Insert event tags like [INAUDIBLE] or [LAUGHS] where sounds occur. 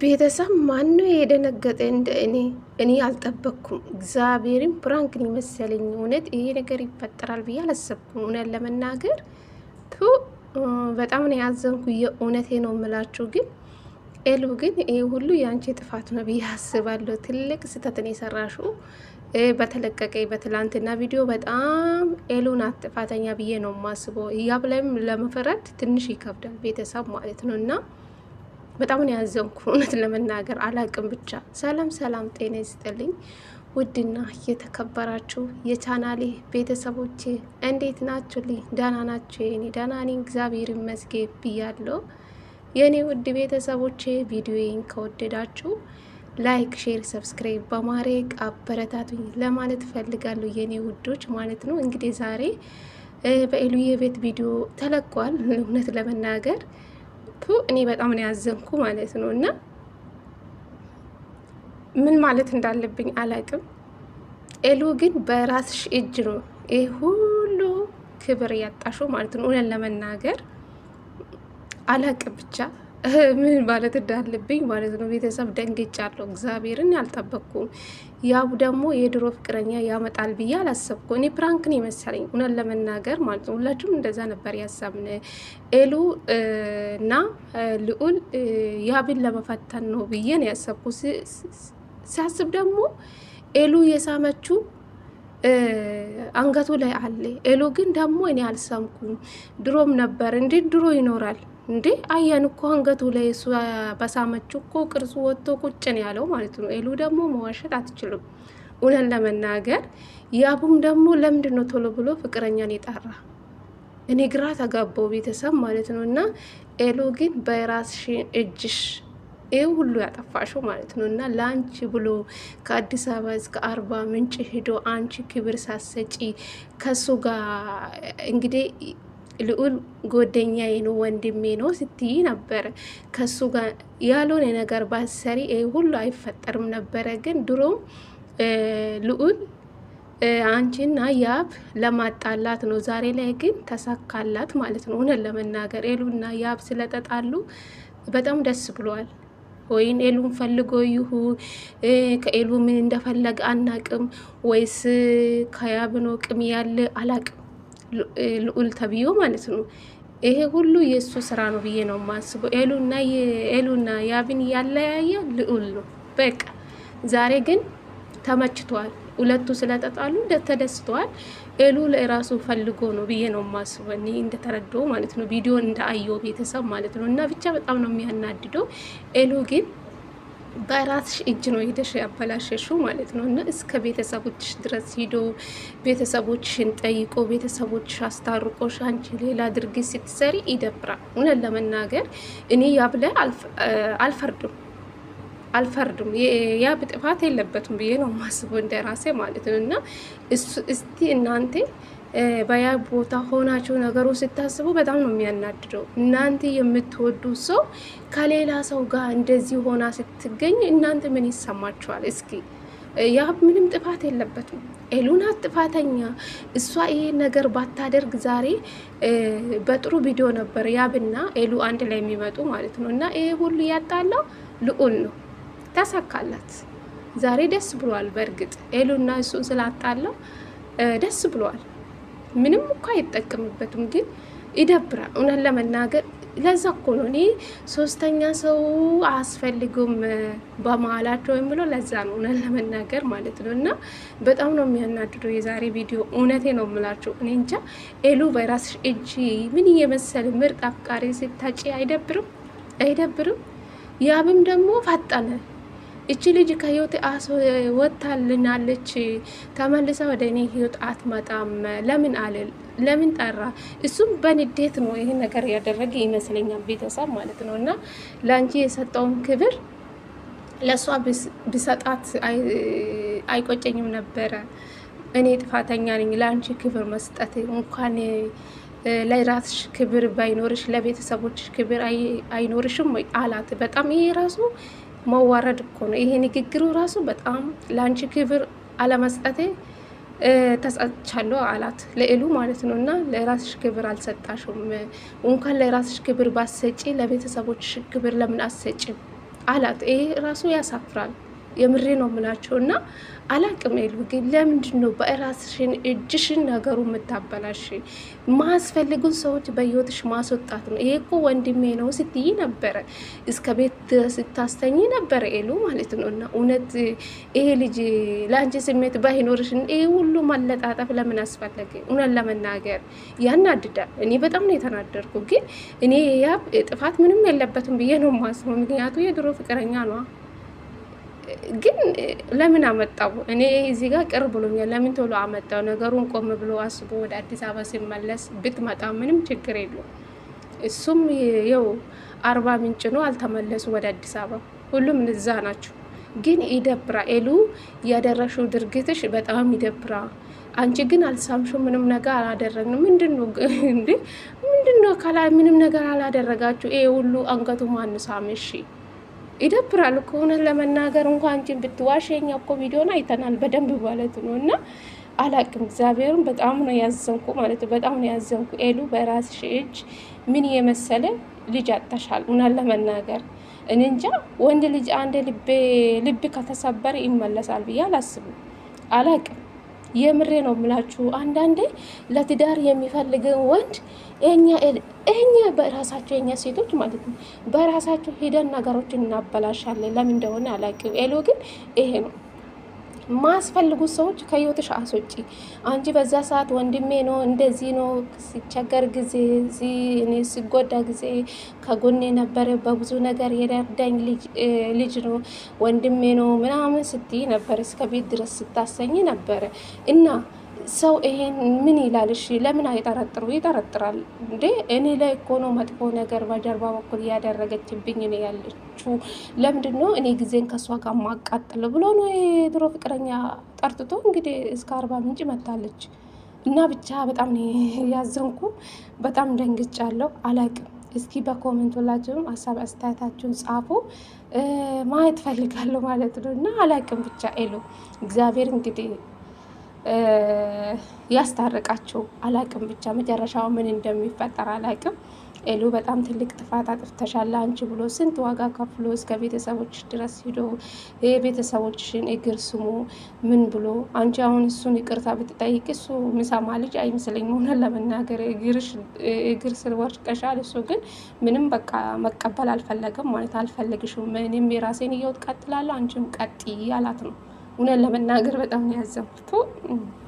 ቤተሰብ ማን ነው የደነገጠ? እንደ እኔ እኔ አልጠበቅኩም። እግዚአብሔርን ፕራንክን ይመሰለኝ። እውነት ይሄ ነገር ይፈጠራል ብዬ አላሰብኩም። እውነት ለመናገር ቱ በጣም ነው ያዘንኩ። የእውነቴ ነው የምላችሁ። ግን ኤሉ ግን ይህ ሁሉ የአንቺ ጥፋት ነው ብዬ አስባለሁ። ትልቅ ስህተትን የሰራሽው በተለቀቀ በትላንትና ቪዲዮ በጣም ኤሉን ጥፋተኛ ብዬ ነው የማስበው። ያብ ላይም ለመፍረድ ትንሽ ይከብዳል ቤተሰብ ማለት ነው እና በጣም ነው ያዘንኩ እውነት ለመናገር አላቅም። ብቻ ሰላም ሰላም፣ ጤና ይስጥልኝ ውድና የተከበራችሁ የቻናሌ ቤተሰቦቼ እንዴት ናችሁ? ልኝ ደህና ናችሁ? የኔ ደህና ነኝ እግዚአብሔር ይመስገን ብያለሁ። የእኔ ውድ ቤተሰቦቼ ቪዲዮዬን ከወደዳችሁ ላይክ፣ ሼር፣ ሰብስክራይብ በማድረግ አበረታቱኝ ለማለት ፈልጋለሁ የእኔ ውዶች ማለት ነው። እንግዲህ ዛሬ በኤሉዬ ቤት ቪዲዮ ተለቋል እውነት ለመናገር እኔ በጣም ነው ያዘንኩ ማለት ነው። እና ምን ማለት እንዳለብኝ አላቅም። ኤሉ ግን በራስሽ እጅ ነው ይህ ሁሉ ክብር ያጣሽው ማለት ነው። እውነን ለመናገር አላቅም ብቻ [LAUGHS] ምን ማለት እንዳለብኝ ማለት ነው። ቤተሰብ ደንግጫለሁ። እግዚአብሔርን ያልጠበቅኩም። ያ ደግሞ የድሮ ፍቅረኛ ያመጣል ብዬ አላሰብኩ። እኔ ፕራንክን የመሰለኝ እውነት ለመናገር ማለት ነው። ሁላችሁም እንደዛ ነበር ያሰብን። ኤሉ እና ልዑል ያብን ለመፈተን ነው ብዬ ነው ያሰብኩ። ሲያስብ ደግሞ ኤሉ የሳመችው አንገቱ ላይ አለ። ኤሉ ግን ደግሞ እኔ አልሰምኩም። ድሮም ነበር እንዴት ድሮ ይኖራል እንዴ አያን እኮ አንገቱ ላይ እሱ በሳመችው እኮ ቅርጹ ወጥቶ ቁጭን ያለው ማለት ነው። ኤሉ ደግሞ መዋሸት አትችልም። እውነን ለመናገር ያቡም ደግሞ ለምንድን ነው ቶሎ ብሎ ፍቅረኛን የጠራ? እኔ ግራ ተጋባው ቤተሰብ ማለት ነው። እና ኤሉ ግን በራስሽ እጅሽ ይህ ሁሉ ያጠፋሽው ማለት ነው። እና ለአንቺ ብሎ ከአዲስ አበባ እስከ አርባ ምንጭ ሄዶ አንቺ ክብር ሳሰጪ ከሱ ጋር እንግዲህ ልዑል ጎደኛዬ ነው ወንድሜ ነው ስትይ ነበረ። ከሱ ጋር ያልሆነ ነገር ባሰሪ ይሄ ሁሉ አይፈጠርም ነበረ። ግን ድሮም ልዑል አንቺና ያብ ለማጣላት ነው። ዛሬ ላይ ግን ተሳካላት ማለት ነው። እውነት ለመናገር ኤሉና ያብ ስለተጣሉ በጣም ደስ ብሏል። ወይን ኤሉን ፈልጎ ይሁ ከኤሉ ምን እንደፈለገ አናቅም፣ ወይስ ከያብኖ ቅም ያለ አላቅም ልዑል ተብዮ ማለት ነው። ይሄ ሁሉ የእሱ ስራ ነው ብዬ ነው ማስበው ኤሉና ኤሉና ያብን ያለያየ ልዑል ነው። በቃ ዛሬ ግን ተመችቷል። ሁለቱ ስለተጣሉ ተደስተዋል። ኤሉ ለራሱ ፈልጎ ነው ብዬ ነው የማስበው። እኔ ማለት ነው ቪዲዮ እንደአየው ቤተሰብ ማለት ነው። እና ብቻ በጣም ነው የሚያናድደው ኤሉ ግን በራስሽ እጅ ነው ሄደሽ ያበላሸሹ ማለት ነው። እና እስከ ቤተሰቦችሽ ድረስ ሂዶ ቤተሰቦችሽን ጠይቆ ቤተሰቦችሽ አስታርቆሽ አንቺ ሌላ ድርጊት ስትሰሪ ይደብራል። እውነት ለመናገር እኔ ያብለ አልፈርድም አልፈርድም ያ ብጥፋት የለበትም ብዬ ነው ማስቦ እንደ ራሴ ማለት ነው። እና እስቲ እናንተ በያ ቦታ ሆናችሁ ነገሩ ስታስቡ በጣም ነው የሚያናድደው። እናንተ የምትወዱት ሰው ከሌላ ሰው ጋር እንደዚህ ሆና ስትገኝ እናንተ ምን ይሰማችኋል? እስኪ ያ ምንም ጥፋት የለበትም። ኤሉናት ጥፋተኛ እሷ ይሄ ነገር ባታደርግ ዛሬ በጥሩ ቪዲዮ ነበር ያብና ኤሉ አንድ ላይ የሚመጡ ማለት ነው። እና ይሄ ሁሉ ያጣለው ልዑል ነው። ተሳካላት። ዛሬ ደስ ብሏል። በእርግጥ ኤሉና እሱን ስላጣለው ደስ ብሏል። ምንም እኮ አይጠቀምበትም፣ ግን ይደብራል። እውነት ለመናገር ለዛ እኮ ነው እኔ ሶስተኛ ሰው አስፈልጉም በመሀላቸው ወይም ብሎ ለዛ ነው እውነት ለመናገር ማለት ነው። እና በጣም ነው የሚያናድደው የዛሬ ቪዲዮ። እውነቴ ነው የምላቸው። እኔ እንጃ ኤሉ በራስሽ እጅ ምን የመሰል ምርጥ አፍቃሪ ስታጭ አይደብርም? አይደብርም? ያብም ደግሞ ፈጠነ እቺ ልጅ ከህይወት ወታልናለች፣ ተመልሳ ወደ እኔ ህይወት አትመጣም ለምን አለ ለምን ጠራ? እሱም በንዴት ነው ይህን ነገር ያደረገ ይመስለኛል። ቤተሰብ ማለት ነው እና ለአንቺ የሰጠውን ክብር ለእሷ ብሰጣት አይቆጨኝም ነበረ። እኔ ጥፋተኛ ነኝ። ለአንቺ ክብር መስጠት እንኳን ለራስሽ ክብር ባይኖርሽ ለቤተሰቦችሽ ክብር አይኖርሽም ወይ አላት። በጣም ይሄ ራሱ መዋረድ እኮ ነው። ይሄ ንግግሩ ራሱ በጣም ለአንቺ ክብር አለመስጠቴ ተጸጽቻለሁ አላት ለእሉ ማለት ነው። እና ለራስሽ ክብር አልሰጣሽም። እንኳን ለራስሽ ክብር ባሰጪ ለቤተሰቦችሽ ክብር ለምን አሰጪም አላት። ይሄ ራሱ ያሳፍራል። የምሬ ነው የምላቸው እና አላቅም ሉ ግን ለምንድን ነው በራስሽን እጅሽን ነገሩ የምታበላሽ? ማስፈልጉን ሰዎች በህይወትሽ ማስወጣት ነው። ይሄ እኮ ወንድሜ ነው ስትይ ነበረ፣ እስከ ቤት ስታስተኝ ነበረ ሉ ማለት ነው። እና እውነት ይሄ ልጅ ለአንቺ ስሜት ባይኖርሽን ይሄ ሁሉ ማለጣጠፍ ለምን አስፈለገ? እውነት ለመናገር ያናድዳል። እኔ በጣም ነው የተናደርኩ። ግን እኔ ያ ጥፋት ምንም የለበትም ብዬ ነው ማስበው፣ ምክንያቱ የድሮ ፍቅረኛ ነዋ። ግን ለምን አመጣው? እኔ እዚህ ጋር ቅር ብሎኛል። ለምን ቶሎ አመጣው? ነገሩን ቆም ብሎ አስቦ ወደ አዲስ አበባ ሲመለስ ብትመጣ ምንም ችግር የለው እሱም ይኸው አርባ ምንጭ ነው፣ አልተመለሱ ወደ አዲስ አበባ። ሁሉም እዛ ናቸው። ግን ይደብራ። ኤሉ ያደረሽው ድርጊትሽ በጣም ይደብራ። አንቺ ግን አልሳምሹ፣ ምንም ነገር አላደረግንም። ምንድን ነው ከላይ ምንም ነገር አላደረጋችሁ። ይሄ ሁሉ አንገቱ ማንሳም? እሺ ይደብራል እኮ እውነት ለመናገር እንኳን አንቺን ብትዋሸኝ እኮ ቪዲዮን አይተናል በደንብ ማለት ነው። እና አላቅም እግዚአብሔርን በጣም ነው ያዘንኩ ማለት ነው። በጣም ነው ያዘንኩ። ኤሉ በራስሽ እጅ ምን የመሰለ ልጅ አጥተሻል። እውነት ለመናገር እንጃ ወንድ ልጅ አንድ ልብ ከተሰበረ ይመለሳል ብዬ አላስብም። አላቅም የምሬ ነው ምላችሁ አንዳንዴ ለትዳር የሚፈልግን ወንድ እኛ በራሳቸው የኛ ሴቶች ማለት ነው በራሳቸው ሂደን ነገሮችን እናበላሻለን። ለምን እንደሆነ አላውቅም። ኤሎ ግን ይሄ ነው ማስፈልጉ ሰዎች ከህይወትሽ አስወጪ። አንቺ በዛ ሰዓት ወንድሜ ነው እንደዚህ ነው ሲቸገር ጊዜ ሲጎዳ ጊዜ ከጎኔ ነበረ፣ በብዙ ነገር የረዳኝ ልጅ ነው ወንድሜ ነው ምናምን ስትይ ነበረ፣ እስከ ቤት ድረስ ስታሰኝ ነበረ እና ሰው ይሄን ምን ይላል? እሺ ለምን አይጠረጥሩ? ይጠረጥራል እንዴ! እኔ ላይ እኮ ነው መጥፎ ነገር በጀርባ በኩል እያደረገችብኝ ነው ያለችው። ለምንድን ነው እኔ ጊዜን ከእሷ ጋር ማቃጥል ብሎ ነው የድሮ ፍቅረኛ ጠርጥቶ እንግዲህ እስከ አርባ ምንጭ መታለች። እና ብቻ በጣም ያዘንኩ፣ በጣም ደንግጫለሁ። አላቅም እስኪ በኮሜንት ሁላችሁም ሀሳብ አስተያየታችሁን ጻፉ። ማየት ፈልጋለሁ ማለት ነው እና አላቅም ብቻ ኤሉ እግዚአብሔር እንግዲህ ያስታርቃቸው። አላቅም ብቻ መጨረሻው ምን እንደሚፈጠር አላቅም። ሄሉ በጣም ትልቅ ጥፋት አጥፍተሻለ አንቺ ብሎ ስንት ዋጋ ከፍሎ እስከ ቤተሰቦች ድረስ ሂዶ የቤተሰቦችሽን እግር ስሙ ምን ብሎ አንቺ አሁን እሱን ይቅርታ ብትጠይቅ እሱ ምሰማ ልጅ አይመስለኝም። ሆነ ለመናገር እግር ስር ወድቀሻል። እሱ ግን ምንም በቃ መቀበል አልፈለገም ማለት አልፈልግሽም፣ እኔም የራሴን ህይወት ቀጥላለሁ፣ አንቺም ቀጥ አላት ነው እውነት ለመናገር በጣም ያዘንኩት